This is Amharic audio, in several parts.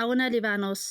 አቡነ ሊባኖስ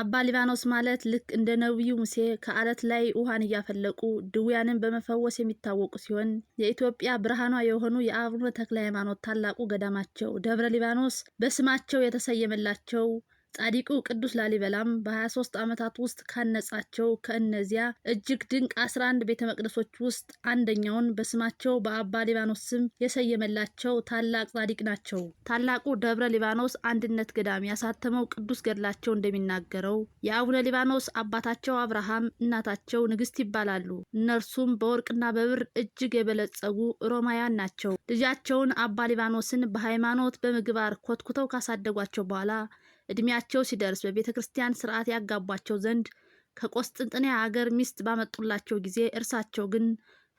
አባ ሊባኖስ ማለት ልክ እንደ ነቢዩ ሙሴ ከአለት ላይ ውሃን እያፈለቁ ድውያንን በመፈወስ የሚታወቁ ሲሆን የኢትዮጵያ ብርሃኗ የሆኑ የአቡነ ተክለ ሃይማኖት ታላቁ ገዳማቸው ደብረ ሊባኖስ በስማቸው የተሰየመላቸው ጻዲቁ ቅዱስ ላሊበላም በ23 ዓመታት ውስጥ ካነጻቸው ከእነዚያ እጅግ ድንቅ 11 ቤተ መቅደሶች ውስጥ አንደኛውን በስማቸው በአባ ሊባኖስ ስም የሰየመላቸው ታላቅ ጻዲቅ ናቸው። ታላቁ ደብረ ሊባኖስ አንድነት ገዳም ያሳተመው ቅዱስ ገድላቸው እንደሚናገረው የአቡነ ሊባኖስ አባታቸው አብርሃም፣ እናታቸው ንግስት ይባላሉ። እነርሱም በወርቅና በብር እጅግ የበለጸጉ ሮማውያን ናቸው። ልጃቸውን አባ ሊባኖስን በሃይማኖት በምግባር ኮትኩተው ካሳደጓቸው በኋላ እድሜያቸው ሲደርስ በቤተ ክርስቲያን ስርዓት ያጋቧቸው ዘንድ ከቆስጥንጥንያ አገር ሚስት ባመጡላቸው ጊዜ እርሳቸው ግን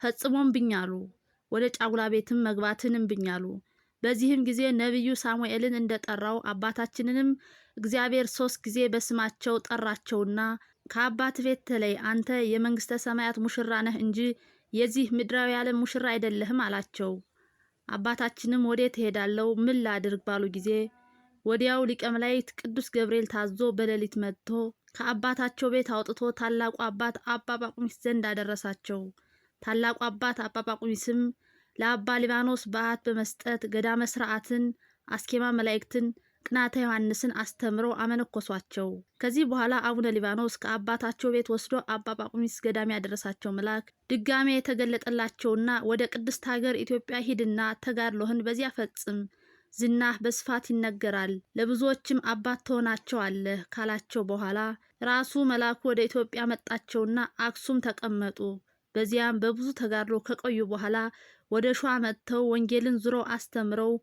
ፈጽሞም ብኛሉ፣ ወደ ጫጉላ ቤትም መግባትንም ብኛሉ። በዚህም ጊዜ ነቢዩ ሳሙኤልን እንደጠራው አባታችንንም እግዚአብሔር ሶስት ጊዜ በስማቸው ጠራቸውና ከአባት ቤት ተለይ፣ አንተ የመንግስተ ሰማያት ሙሽራ ነህ እንጂ የዚህ ምድራዊ ዓለም ሙሽራ አይደለህም አላቸው። አባታችንም ወዴት እሄዳለሁ? ምን ላድርግ? ባሉ ጊዜ ወዲያው ሊቀ መላእክት ቅዱስ ገብርኤል ታዞ በሌሊት መጥቶ ከአባታቸው ቤት አውጥቶ ታላቁ አባት አባ ጳቁሚስ ዘንድ አደረሳቸው። ታላቁ አባት አባ ጳቁሚስም ለአባ ሊባኖስ በዓት በመስጠት ገዳመ ስርዓትን፣ አስኬማ መላእክትን፣ ቅናተ ዮሐንስን አስተምረው አመነኮሷቸው። ከዚህ በኋላ አቡነ ሊባኖስ ከአባታቸው ቤት ወስዶ አባ ጳቁሚስ ገዳም ያደረሳቸው መልአክ ድጋሜ የተገለጠላቸውና ወደ ቅድስት ሀገር ኢትዮጵያ ሂድና ተጋድሎህን በዚያ ፈጽም ዝናህ በስፋት ይነገራል፣ ለብዙዎችም አባት ትሆናቸዋለህ ካላቸው በኋላ ራሱ መልአኩ ወደ ኢትዮጵያ መጣቸውና አክሱም ተቀመጡ። በዚያም በብዙ ተጋድሎ ከቆዩ በኋላ ወደ ሸዋ መጥተው ወንጌልን ዙረው አስተምረው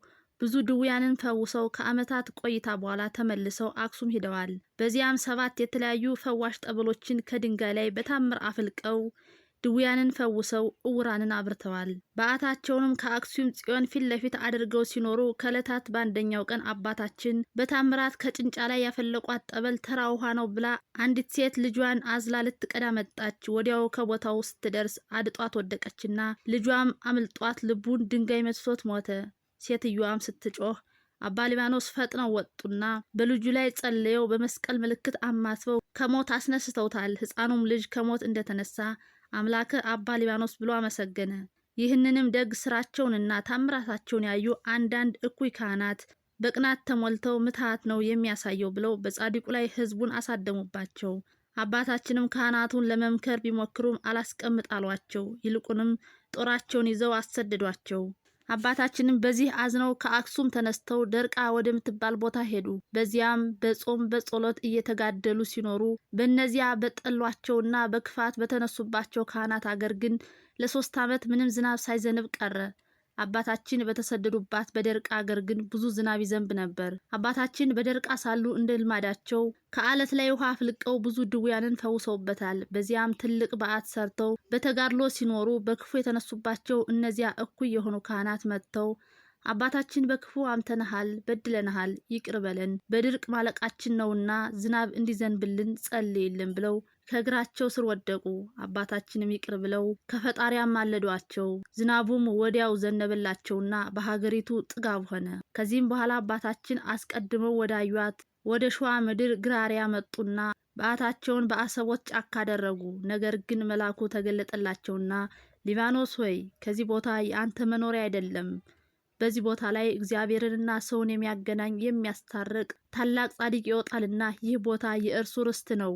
ብዙ ድውያንን ፈውሰው ከዓመታት ቆይታ በኋላ ተመልሰው አክሱም ሂደዋል። በዚያም ሰባት የተለያዩ ፈዋሽ ጠበሎችን ከድንጋይ ላይ በታምር አፍልቀው ድውያንን ፈውሰው እውራንን አብርተዋል። በዓታቸውንም ከአክሱም ጽዮን ፊት ለፊት አድርገው ሲኖሩ ከዕለታት በአንደኛው ቀን አባታችን በታምራት ከጭንጫ ላይ ያፈለቋት ጠበል ተራ ውሃ ነው ብላ አንዲት ሴት ልጇን አዝላ ልትቀዳ መጣች። ወዲያው ከቦታው ስትደርስ አድጧት ወደቀችና ልጇም አምልጧት ልቡን ድንጋይ መትቶት ሞተ። ሴትዮዋም ስትጮህ አባ ሊባኖስ ፈጥነው ወጡና በልጁ ላይ ጸልየው በመስቀል ምልክት አማትበው ከሞት አስነስተውታል። ሕፃኑም ልጅ ከሞት እንደተነሳ አምላከ አባ ሊባኖስ ብሎ አመሰገነ። ይህንንም ደግ ስራቸውንና ታምራታቸውን ያዩ አንዳንድ እኩይ ካህናት በቅናት ተሞልተው ምትሃት ነው የሚያሳየው ብለው በጻድቁ ላይ ህዝቡን አሳደሙባቸው። አባታችንም ካህናቱን ለመምከር ቢሞክሩም አላስቀምጣሏቸው ይልቁንም ጦራቸውን ይዘው አሰደዷቸው። አባታችንም በዚህ አዝነው ከአክሱም ተነስተው ደርቃ ወደምትባል ቦታ ሄዱ። በዚያም በጾም በጸሎት እየተጋደሉ ሲኖሩ በእነዚያ በጠሏቸውና በክፋት በተነሱባቸው ካህናት አገር ግን ለሶስት ዓመት ምንም ዝናብ ሳይዘንብ ቀረ። አባታችን በተሰደዱባት በደርቃ አገር ግን ብዙ ዝናብ ይዘንብ ነበር። አባታችን በደርቃ ሳሉ እንደ ልማዳቸው ከአለት ላይ ውሃ አፍልቀው ብዙ ድውያንን ፈውሰውበታል። በዚያም ትልቅ በዓት ሰርተው በተጋድሎ ሲኖሩ በክፉ የተነሱባቸው እነዚያ እኩይ የሆኑ ካህናት መጥተው አባታችን በክፉ አምተንሃል፣ በድለንሃል፣ ይቅር በለን በድርቅ ማለቃችን ነውና ዝናብ እንዲዘንብልን ጸልይልን ብለው ከእግራቸው ስር ወደቁ። አባታችንም ይቅር ብለው ከፈጣሪ አማለዷቸው። ዝናቡም ወዲያው ዘነበላቸውና በሀገሪቱ ጥጋብ ሆነ። ከዚህም በኋላ አባታችን አስቀድመው ወዳዩት ወደ ሸዋ ምድር ግራሪያ መጡና በዓታቸውን በአሰቦት ጫካ አደረጉ። ነገር ግን መልአኩ ተገለጠላቸውና ሊባኖስ ሆይ ከዚህ ቦታ የአንተ መኖሪያ አይደለም በዚህ ቦታ ላይ እግዚአብሔርንና ሰውን የሚያገናኝ የሚያስታርቅ ታላቅ ጻድቅ ይወጣልና ይህ ቦታ የእርሱ ርስት ነው፣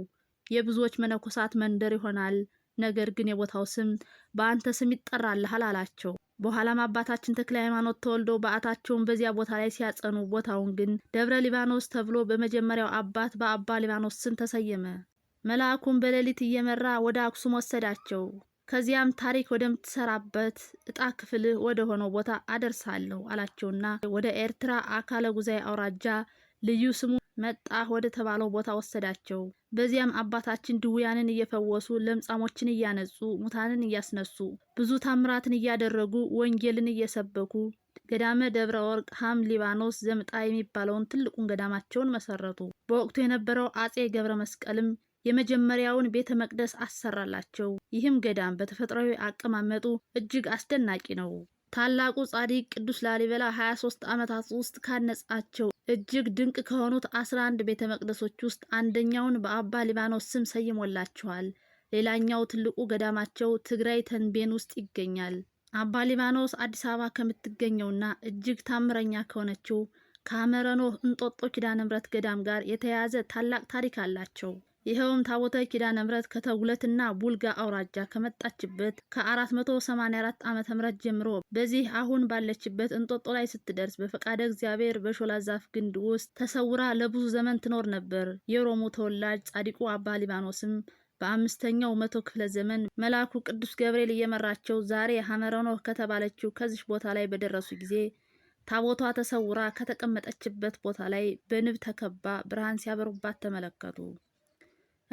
የብዙዎች መነኮሳት መንደር ይሆናል። ነገር ግን የቦታው ስም በአንተ ስም ይጠራልሃል አላቸው። በኋላም አባታችን ተክለ ሃይማኖት ተወልደው በዓታቸውን በዚያ ቦታ ላይ ሲያጸኑ ቦታውን ግን ደብረ ሊባኖስ ተብሎ በመጀመሪያው አባት በአባ ሊባኖስ ስም ተሰየመ። መልአኩም በሌሊት እየመራ ወደ አክሱም ወሰዳቸው። ከዚያም ታሪክ ወደምትሰራበት እጣ ክፍል ወደ ሆነው ቦታ አደርሳለሁ አላቸውና ወደ ኤርትራ አካለ ጉዛይ አውራጃ ልዩ ስሙ መጣ ወደ ተባለው ቦታ ወሰዳቸው። በዚያም አባታችን ድውያንን እየፈወሱ ለምጻሞችን እያነጹ ሙታንን እያስነሱ ብዙ ታምራትን እያደረጉ ወንጌልን እየሰበኩ ገዳመ ደብረ ወርቅ ሀም ሊባኖስ ዘምጣ የሚባለውን ትልቁን ገዳማቸውን መሰረቱ። በወቅቱ የነበረው አጼ ገብረ መስቀልም የመጀመሪያውን ቤተ መቅደስ አሰራላቸው። ይህም ገዳም በተፈጥሯዊ አቀማመጡ እጅግ አስደናቂ ነው። ታላቁ ጻድቅ ቅዱስ ላሊበላ 23 ዓመታት ውስጥ ካነጻቸው እጅግ ድንቅ ከሆኑት 11 ቤተ መቅደሶች ውስጥ አንደኛውን በአባ ሊባኖስ ስም ሰይሞላቸዋል። ሌላኛው ትልቁ ገዳማቸው ትግራይ ተንቤን ውስጥ ይገኛል። አባ ሊባኖስ አዲስ አበባ ከምትገኘውና እጅግ ታምረኛ ከሆነችው ከአመረኖህ እንጦጦ ኪዳነ ምሕረት ገዳም ጋር የተያያዘ ታላቅ ታሪክ አላቸው። ይኸውም ታቦተ ኪዳነ ምሕረት ከተጉለትና ቡልጋ አውራጃ ከመጣችበት ከ484 ዓመተ ምሕረት ጀምሮ በዚህ አሁን ባለችበት እንጦጦ ላይ ስትደርስ በፈቃደ እግዚአብሔር በሾላ ዛፍ ግንድ ውስጥ ተሰውራ ለብዙ ዘመን ትኖር ነበር። የሮሙ ተወላጅ ጻድቁ አባ ሊባኖስም በአምስተኛው መቶ ክፍለ ዘመን መልአኩ ቅዱስ ገብርኤል እየመራቸው ዛሬ ሐመረኖህ ከተባለችው ከዚች ቦታ ላይ በደረሱ ጊዜ ታቦቷ ተሰውራ ከተቀመጠችበት ቦታ ላይ በንብ ተከባ ብርሃን ሲያበሩባት ተመለከቱ።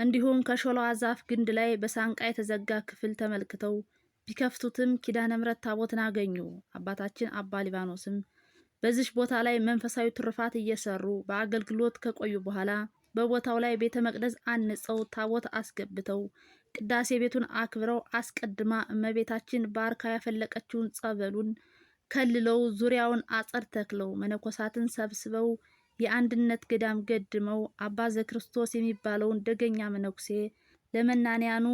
እንዲሁም ከሾላዋ ዛፍ ግንድ ላይ በሳንቃ የተዘጋ ክፍል ተመልክተው ቢከፍቱትም ኪዳነ ምሕረት ታቦትን አገኙ። አባታችን አባ ሊባኖስም በዚህ ቦታ ላይ መንፈሳዊ ትሩፋት እየሰሩ በአገልግሎት ከቆዩ በኋላ በቦታው ላይ ቤተ መቅደስ አንጸው ታቦት አስገብተው ቅዳሴ ቤቱን አክብረው አስቀድማ እመቤታችን ባርካ ያፈለቀችውን ጸበሉን ከልለው ዙሪያውን አጸድ ተክለው መነኮሳትን ሰብስበው የአንድነት ገዳም ገድመው አባ ዘክርስቶስ የሚባለውን ደገኛ መነኩሴ ለመናንያኑ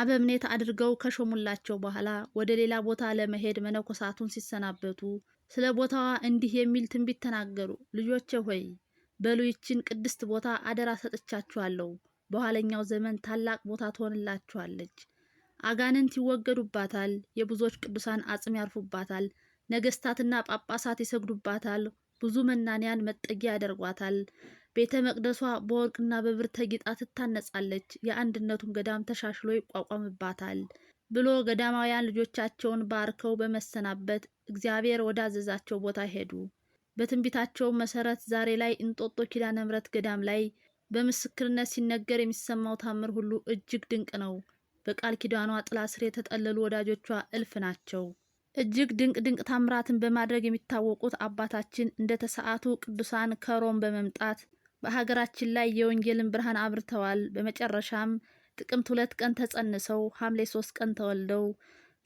አበምኔት አድርገው ከሾሙላቸው በኋላ ወደ ሌላ ቦታ ለመሄድ መነኮሳቱን ሲሰናበቱ ስለ ቦታዋ እንዲህ የሚል ትንቢት ተናገሩ። ልጆቼ ሆይ በሉይችን ቅድስት ቦታ አደራ ሰጥቻችኋለሁ። በኋለኛው ዘመን ታላቅ ቦታ ትሆንላችኋለች። አጋንንት ይወገዱባታል። የብዙዎች ቅዱሳን አጽም ያርፉባታል። ነገስታትና ጳጳሳት ይሰግዱባታል። ብዙ መናንያን መጠጊያ ያደርጓታል። ቤተ መቅደሷ በወርቅና በብር ተጊጣ ትታነጻለች። የአንድነቱም ገዳም ተሻሽሎ ይቋቋምባታል ብሎ ገዳማውያን ልጆቻቸውን ባርከው በመሰናበት እግዚአብሔር ወዳዘዛቸው ቦታ ሄዱ። በትንቢታቸው መሰረት ዛሬ ላይ እንጦጦ ኪዳነ ምሕረት ገዳም ላይ በምስክርነት ሲነገር የሚሰማው ታምር ሁሉ እጅግ ድንቅ ነው። በቃል ኪዳኗ ጥላ ስር የተጠለሉ ወዳጆቿ እልፍ ናቸው። እጅግ ድንቅ ድንቅ ታምራትን በማድረግ የሚታወቁት አባታችን እንደ ተሰዓቱ ቅዱሳን ከሮም በመምጣት በሀገራችን ላይ የወንጌልን ብርሃን አብርተዋል። በመጨረሻም ጥቅምት ሁለት ቀን ተጸንሰው ሐምሌ ሶስት ቀን ተወልደው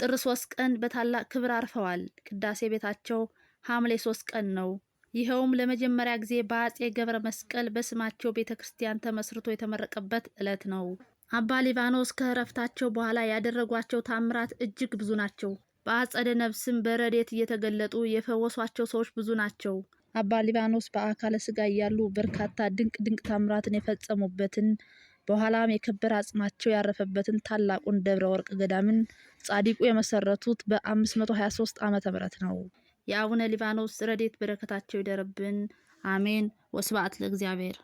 ጥር ሶስት ቀን በታላቅ ክብር አርፈዋል። ቅዳሴ ቤታቸው ሐምሌ ሶስት ቀን ነው። ይኸውም ለመጀመሪያ ጊዜ በአጼ ገብረ መስቀል በስማቸው ቤተ ክርስቲያን ተመስርቶ የተመረቀበት ዕለት ነው። አባ ሊባኖስ ከእረፍታቸው በኋላ ያደረጓቸው ታምራት እጅግ ብዙ ናቸው። በአጸደ ነፍስም በረዴት እየተገለጡ የፈወሷቸው ሰዎች ብዙ ናቸው። አባ ሊባኖስ በአካለ ስጋ እያሉ በርካታ ድንቅ ድንቅ ታምራትን የፈጸሙበትን በኋላም የከበረ አጽማቸው ያረፈበትን ታላቁን ደብረ ወርቅ ገዳምን ጻዲቁ የመሰረቱት በ523 ዓ ም ነው። የአቡነ ሊባኖስ ረዴት በረከታቸው ይደርብን፣ አሜን። ወስብሐት ለእግዚአብሔር።